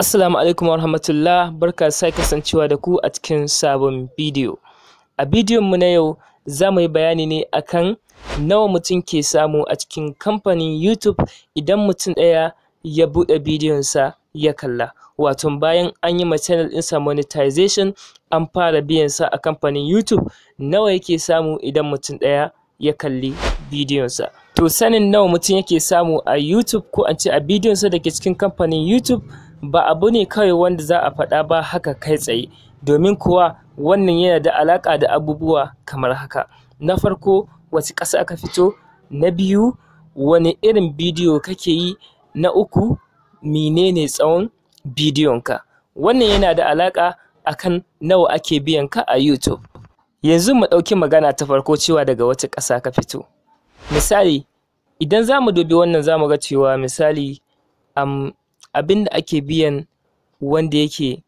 Assalamu alaikum warahmatullah barka sai kasancewa da ku a cikin sabon bidiyo. A bidiyon mu na yau za mu yi bayani ne akan nawa mutum ke samu a cikin kamfanin YouTube idan mutum ɗaya ya buɗe bidiyonsa ya kalla. Wato bayan an yi ma channel ɗinsa monetization an fara biyan sa a kamfanin YouTube nawa yake samu idan mutum ɗaya ya kalli bidiyonsa. To sanin nawa mutum yake samu a YouTube ko an ce a bidiyonsa da ke cikin kamfanin YouTube ba abu ne kawai wanda za a faɗa ba haka kai tsaye domin kuwa wannan yana da alaƙa da abubuwa kamar haka na farko wace ƙasa ka fito na biyu wani irin bidiyo kake yi na uku menene tsawon bidiyonka wannan yana da alaƙa akan nawa ake biyan ka a youtube yanzu mu ɗauki magana ta farko cewa daga wace ƙasa ka fito misali idan za mu dubi wannan za mu ga cewa misali um, abin da ake biyan wanda yake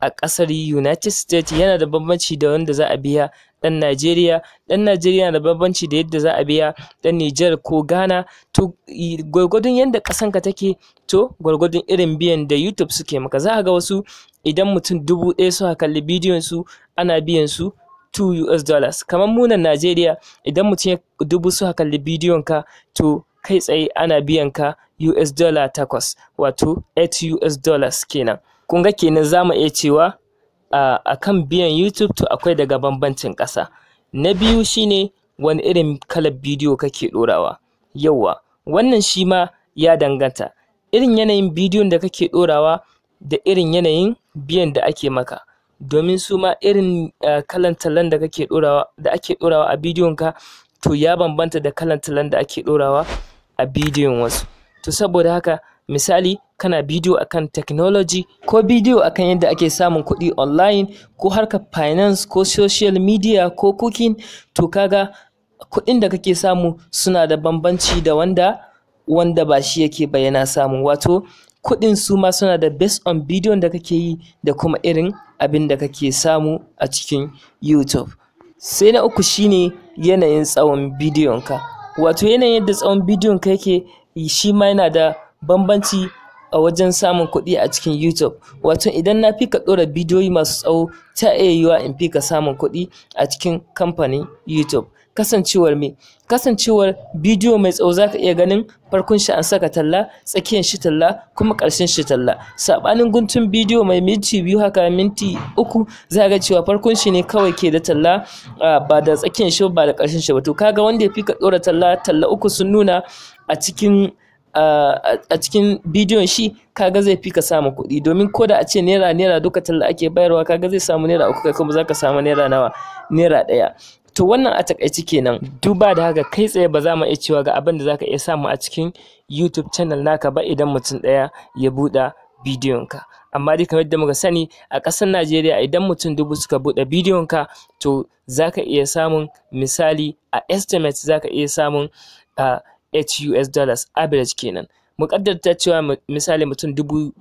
a ƙasar United States yana da bambanci da wanda za a biya ɗan Najeriya. Ɗan Najeriya na da bambanci da yadda za a biya ɗan Nijar ko Ghana. To gwargwadon yadda ƙasanka take to gwargwadon irin biyan da YouTube suke maka. Za a ga wasu idan mutum dubu ɗaya suka kalli bidiyon su ana biyan su 2 US dollars. Kamar munan Najeriya idan mutum dubu suka kalli bidiyon ka to kai tsaye ana biyan ka US dollar takwas wato 8 US dollars kenan. Kun ga kenan za mu iya cewa a kan biyan YouTube to akwai daga bambancin ƙasa. Na biyu shine wani irin kalar bidiyo kake ɗorawa. Yauwa, wannan shi ma ya danganta. Irin yanayin bidiyon da kake ɗorawa da irin yanayin biyan da ake maka. Domin su ma irin kalan talan da kake ɗorawa ake ɗorawa a bidiyonka to ya bambanta da kalan talan da ake ɗorawa a bidiyon wasu to saboda haka misali kana bidiyo akan technology ko bidiyo akan yadda ake samun kuɗi online ko harka finance ko social media ko cooking to kaga kuɗin da kake samu suna da bambanci da wanda wanda ba shi yake bayyana samu wato kuɗin su ma suna da based on bidiyon da kake yi da kuma irin abin da kake samu a cikin youtube sai na uku shine yanayin tsawon bidiyonka wato yanayin yadda tsawon bidiyon ka yake shi ma yana da bambanci a wajen samun kuɗi a cikin YouTube. Wato idan na fi ka ɗora bidiyoyi masu tsawo ta iya yiwuwa in fi ka samun kuɗi a cikin kamfanin YouTube. kasancewar me kasancewar bidiyo mai tsawo zaka iya ganin farkon shi an saka talla tsakiyar shi talla kuma ƙarshen shi talla sabanin guntun bidiyo mai minti biyu haka minti uku za ga cewa farkon shi ne kawai ke da talla ba da tsakiyar shi ba da ƙarshen shi ba to kaga wanda ya fi ka ɗora talla talla uku sun nuna a cikin a cikin bidiyon shi kaga zai fi ka samu kuɗi domin ko da a ce naira naira duka talla ake bayarwa kaga zai samu naira uku kai kuma zaka samu naira nawa naira ɗaya to wannan a takaici kenan duba da haka kai tsaye ba za mu iya cewa ga abin da zaka iya samu a cikin youtube channel naka ba idan mutum ɗaya ya buɗe ka. amma dai kamar yadda muka sani a ƙasar najeriya idan mutum dubu suka buɗe ka, to za ka iya samun misali a estimate zaka iya samun a hus dollars average kenan muƙaddar ta cewa misali mutum dubu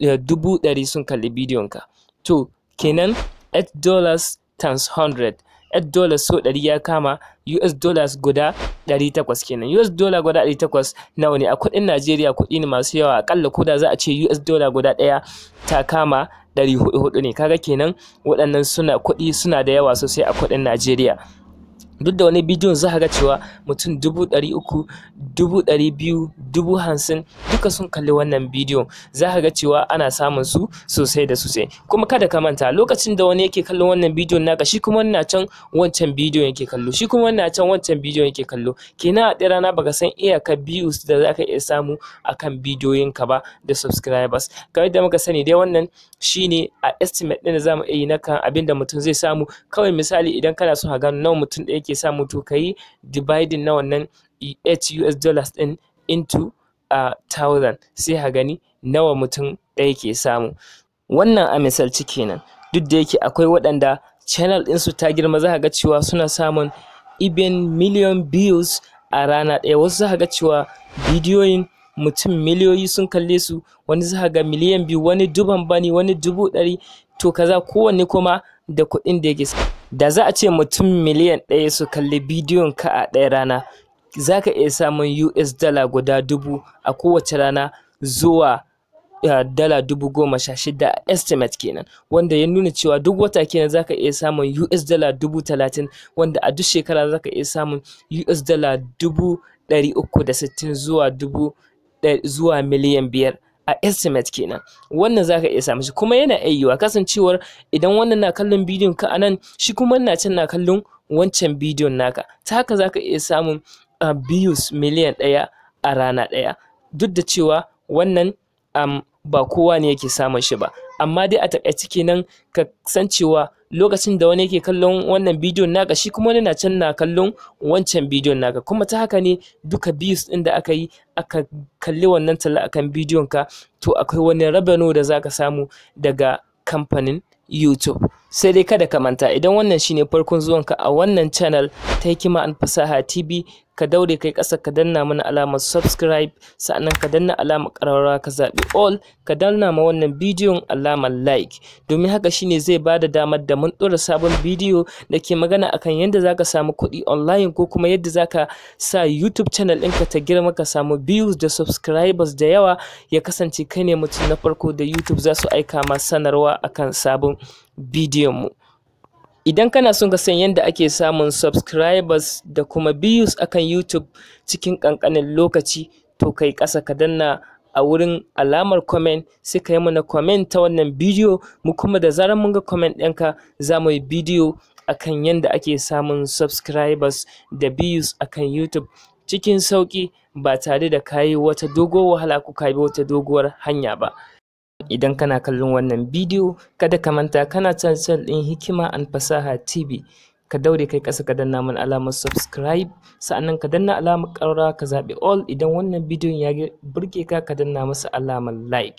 eh, dubu ɗari sun kalli bidiyon ka, to kenan 8 dollars times 100 us dollars so ɗari ya kama us dollars guda ɗari takwas kenan us dollar guda ɗari takwas nawa ne a kuɗin najeriya kuɗi ne masu yawa akalla koda za a ce us dollar guda ɗaya ta kama ɗari hudu ne kaga kenan waɗannan suna kuɗi suna da yawa sosai a kuɗin najeriya duk da wani bidiyon za ga cewa mutum dubu ɗari uku dubu ɗari biyu dubu hamsin duka sun kalli wannan bidiyon za ka ga cewa ana samun su sosai da sosai kuma kada ka manta lokacin da wani yake kallon wannan bidiyon naka shi kuma wannan can wancan bidiyon yake kallo shi kuma wannan can wancan bidiyon yake kallo kenan a ɗaya rana baka san ka biyu da za ka iya samu akan bidiyoyinka ba da subscribers kamar da muka sani dai wannan shine a estimate ɗin da za mu iya yi na kan abinda da mutum zai samu kawai misali idan kana so ka gano nawa mutum ɗaya ke samu to ka yi dividing na wannan 8 US dollars ɗin into a thousand sai ka gani nawa mutum ɗaya ke samu wannan a misalci kenan duk da yake akwai waɗanda channel ɗinsu ta girma za ga cewa suna samun even million views a rana ɗaya wasu za ga cewa bidiyoyin mutum miliyoyi sun kalle su wani za ga miliyan biyu wani duban bani wani dubu ɗari to kaza kowanne kuma da kuɗin da yake da za a ce mutum miliyan ɗaya su kalli bidiyon ka a ɗaya rana za ka iya samun US dala guda dubu a kowace rana zuwa eh, dala dubu goma sha shida a estimate kenan wanda ya nuna cewa duk wata kenan zaka iya samun US dala dubu talatin wanda a duk shekara zaka iya samun US dala dubu ɗari uku da sittin zuwa dubu zuwa miliyan biyar a estimate kenan wannan zaka iya samun shi kuma yana ayyuwa kasancewar idan wannan na kallon bidiyon ka anan shi kuma na can na kallon wancan bidiyon naka ta haka zaka iya samun bius miliyan ɗaya a rana ɗaya duk da cewa wannan um, ba kowa ne yake samun shi ba amma dai a takaice kenan ka san cewa lokacin da wani yake kallon wannan bidiyon naka shi kuma wani na can na kallon wancan bidiyon naka kuma ta haka ne duka bius ɗin da aka yi aka kalli wannan talla akan bidiyon ka to akwai wani rabano da zaka samu daga kamfanin YouTube sai dai kada ka manta idan wannan shine farkon zuwan ka a wannan channel ta hikima an fasaha tv ka daure kai kasa ka danna mana alamar subscribe sannan ka danna alamar ƙararrawa ka zaɓi all ka danna ma wannan bidiyon alamar like domin haka shine zai ba da damar da mun ɗora sabon bidiyo da ke magana akan yadda zaka samu kuɗi online ko kuma yadda zaka sa youtube channel ɗinka ta girma ka samu views da subscribers da yawa ya kasance kai ne mutum na farko da youtube za su aika ma sanarwa akan sabon bidiyon mu idan kana son ka san yadda ake samun subscribers da kuma views akan YouTube cikin kankanin lokaci to kai kasa ka danna a wurin alamar comment sai ka yi mana comment ta wannan bidiyo mu kuma da zarar mun ga comment ɗinka za mu yi bidiyo akan yadda ake samun subscribers da views akan YouTube cikin sauƙi ba tare da yi wata doguwar wahala ko ka wata doguwar hanya ba. Idan kana kallon wannan bidiyo kada ka manta kana channel ɗin Hikima an Fasaha TV. Ka daure kai kasa ka danna mun alamar subscribe sa'annan ka danna alamar ƙararrawa ka zaɓi all idan wannan bidiyon ya burge ka ka danna masa alamar like.